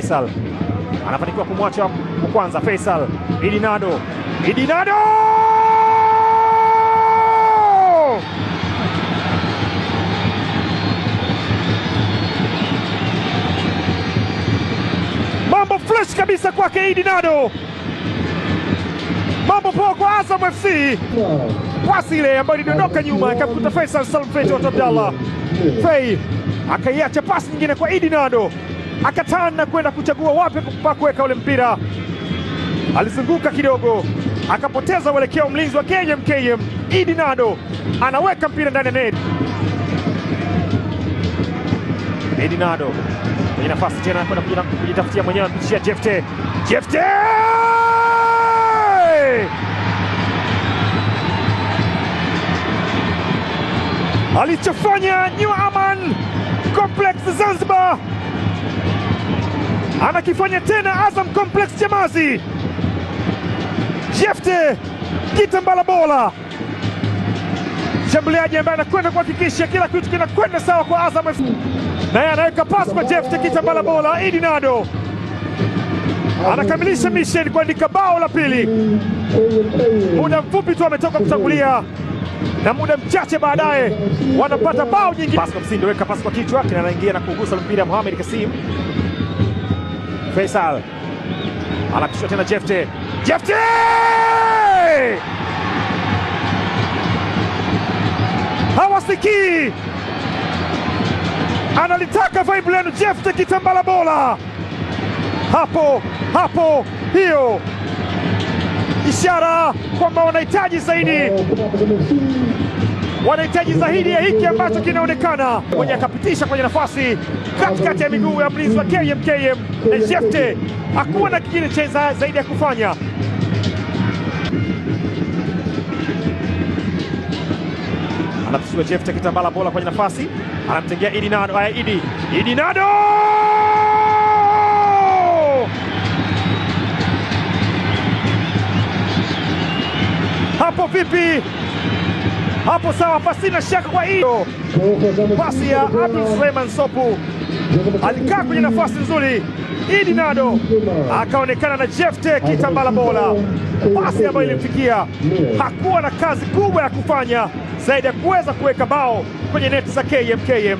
Faisal anafanikiwa kumwacha wa kwanza Faisal. Idinado, Idinado mambo fresh kabisa kwake Idinado, mambo poa kwa Azam FC. Pasi ile ambayo ilidondoka nyuma ikamkuta Faisal Salum Fei Abdallah Fei akaiacha pasi nyingine kwa Idinado akatana na kwenda kuchagua wapi pa kuweka ule mpira. Alizunguka kidogo akapoteza uelekeo. Mlinzi wa KMKM Idi Nado anaweka mpira ndani ya neti. Idi Nado kwenye nafasi tena kwenda kujitafutia mwenyewe, ampitishia Jefte. Jefte alichofanya New Aman Complex Zanzibar anakifanya tena Azam Complex Chamazi. Jefte Kitambala Bola, mshambuliaji ambaye anakwenda kuhakikisha kila kitu kinakwenda sawa kwa Azam FC, naye anaweka pasi kwa Jefte Kitambala Bola. Idi Nado anakamilisha misheni kuandika bao la pili. Muda mfupi tu ametoka kutangulia na muda mchache baadaye wanapata bao nyingine. Pasi kwa Msindo, weka pasi kwa kichwa, kinaingia na kugusa mpira Mohamed Kasim. Faisal anapishwa tena, Jefte Jefte hawasikii, analitaka Viblenu Jefte kitambala bola hapo hapo, hiyo ishara kwamba wanahitaji zaidi wanahitaji zaidi ya hiki ambacho kinaonekana. Mmoja akapitisha kwenye nafasi katikati ya miguu ya mlinzi wa KMKM na Jefte, hakuwa na kingine cheza zaidi ya kufanya. Anapisiwa Jefte kitambala bola kwenye nafasi, anamtengea Idi Nado. Aya, Idi Idi Nado hapo vipi? hapo sawa, pasi na shaka. Kwa hiyo pasi ya Abdul Suleiman Sopu alikaa kwenye nafasi nzuri, Idi Nado akaonekana na Jefte Kitambala Bola, pasi ambayo ilimfikia. Hakuwa na kazi kubwa ya kufanya zaidi ya kuweza kuweka bao kwenye neti za KMKM.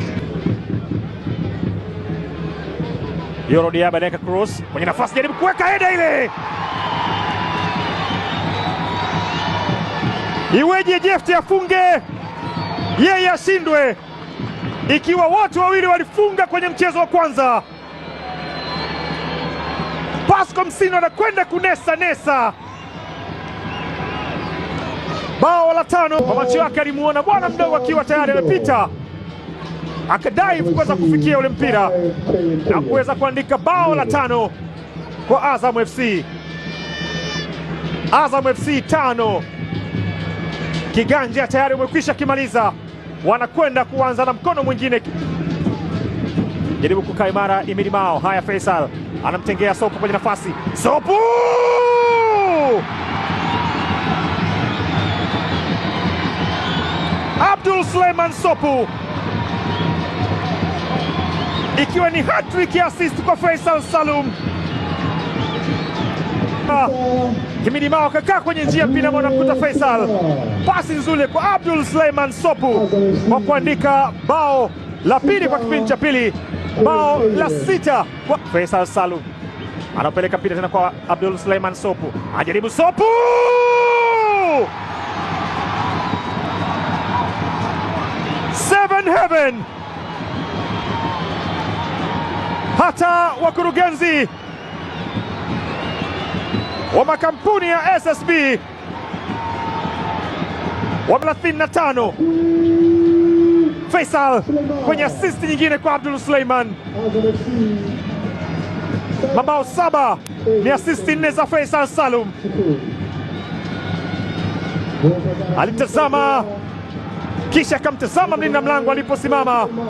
Yoro Diaba dakika cross kwenye nafasi, jaribu kuweka heda ile Iweje Jefte afunge yeye ashindwe, ikiwa wote wawili walifunga kwenye mchezo wa kwanza? Pasco Msino anakwenda kunesa nesa bao la tano kwa macho yake alimuona bwana mdogo akiwa tayari amepita, akadai kuweza kufikia ule mpira na kuweza kuandika bao la tano kwa Azam FC. Azam FC tano Kiganja tayari umekwisha kimaliza, wanakwenda kuanza na mkono mwingine. Jaribu kukaa imara Imili Mao. Haya, Faisal anamtengea Sopu kwenye nafasi. Sopu Abdul Suleiman Sopu, ikiwa ni hattrick ya assist kwa Faisal Salum kutoka Mao kakaa kwenye njia Pinamo, mkuta Faisal, pasi nzuri kwa Abdul Suleiman Sopu kwa kuandika bao la pili kwa kipindi cha pili, bao la sita kwa Faisal Salu. Anapeleka mpira tena kwa Abdul Suleiman Sopu, ajaribu Sopu Seven Heaven hata wakurugenzi wa makampuni ya SSB wa 35 Faisal kwenye asisti nyingine kwa Abdul Suleiman. Mabao saba ni asisti nne za Faisal Salum. Alitazama kisha akamtazama mlinda mlango aliposimama.